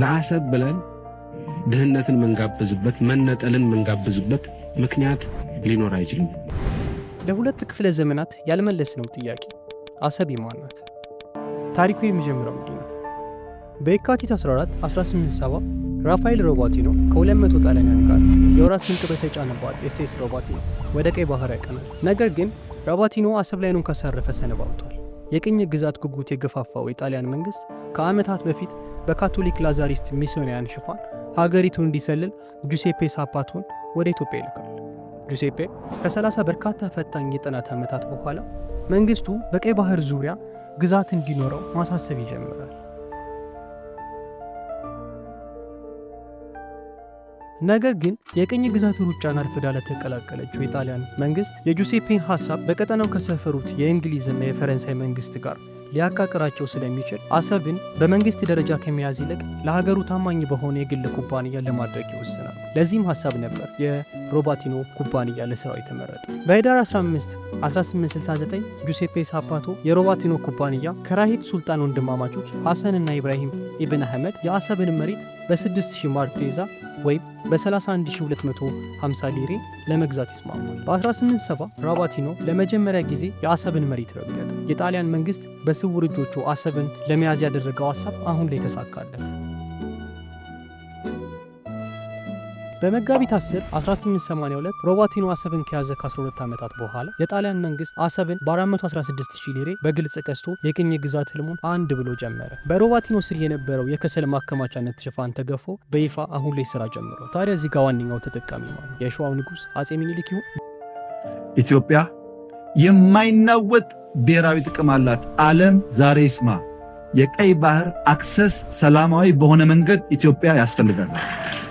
ለአሰብ ብለን ድህነትን መንጋበዝበት መነጠልን ምንጋብዝበት ምክንያት ሊኖር አይችልም። ለሁለት ክፍለ ዘመናት ያልመለስነው ጥያቄ አሰብ የማናት ታሪኩ የሚጀምረው እንዲህ ነው። በየካቲት 14 1870 ራፋኤል ሮባቲኖ ከ200 ጣሊያንያን ጋር የወራት ስንቅ በተጫነባት ኤስኤስ ሮባቲኖ ወደ ቀይ ባህር ያቀናል። ነገር ግን ሮባቲኖ አሰብ ላይ ነው ካሳረፈ ሰነባብቷል። የቅኝ ግዛት ጉጉት የገፋፋው የጣሊያን መንግስት ከዓመታት በፊት በካቶሊክ ላዛሪስት ሚስዮናውያን ሽፋን ሀገሪቱን እንዲሰልል ጁሴፔ ሳፓቶን ወደ ኢትዮጵያ ይልካል። ጁሴፔ ከ30 በርካታ ፈታኝ የጥናት ዓመታት በኋላ መንግስቱ በቀይ ባህር ዙሪያ ግዛት እንዲኖረው ማሳሰብ ይጀምራል። ነገር ግን የቅኝ ግዛት ሩጫን አርፍዳ ለተቀላቀለችው የጣሊያን መንግስት የጁሴፔን ሀሳብ በቀጠናው ከሰፈሩት የእንግሊዝና የፈረንሳይ መንግስት ጋር ሊያቃቅራቸው ስለሚችል አሰብን በመንግስት ደረጃ ከመያዝ ይልቅ ለሀገሩ ታማኝ በሆነ የግል ኩባንያ ለማድረግ ይወስናል። ለዚህም ሀሳብ ነበር የሮባቲኖ ኩባንያ ለስራው የተመረጠ። በህዳር 15 1869 ጁሴፔ ሳፓቶ የሮባቲኖ ኩባንያ ከራሂት ሱልጣን ወንድማማቾች ሐሰንና ኢብራሂም ኢብን አህመድ የአሰብን መሬት በ6000 ማር ትሬዛ ወይም በ31250 ሊሬ ለመግዛት ይስማማል። በ1870 ራባቲኖ ለመጀመሪያ ጊዜ የአሰብን መሬት ረገጠ። የጣሊያን መንግስት በ የስውር እጆቹ አሰብን ለመያዝ ያደረገው ሀሳብ አሁን ላይ ተሳካለት። በመጋቢት 10 1882 ሮባቲኖ አሰብን ከያዘ ከ12 ዓመታት በኋላ የጣሊያን መንግስት አሰብን በ416 ሺህ ሊሬ በግልጽ ገዝቶ የቅኝ ግዛት ህልሙን አንድ ብሎ ጀመረ። በሮባቲኖ ስር የነበረው የከሰል ማከማቻነት ሽፋን ተገፎ በይፋ አሁን ላይ ስራ ጀምሮ። ታዲያ እዚህ ጋ ዋነኛው ተጠቃሚ ማለት የሸዋው ንጉሥ አጼ ሚኒሊክ ይሁን ኢትዮጵያ የማይናወጥ ብሔራዊ ጥቅም አላት። ዓለም ዛሬ ይስማ፣ የቀይ ባህር አክሰስ ሰላማዊ በሆነ መንገድ ኢትዮጵያ ያስፈልጋታል።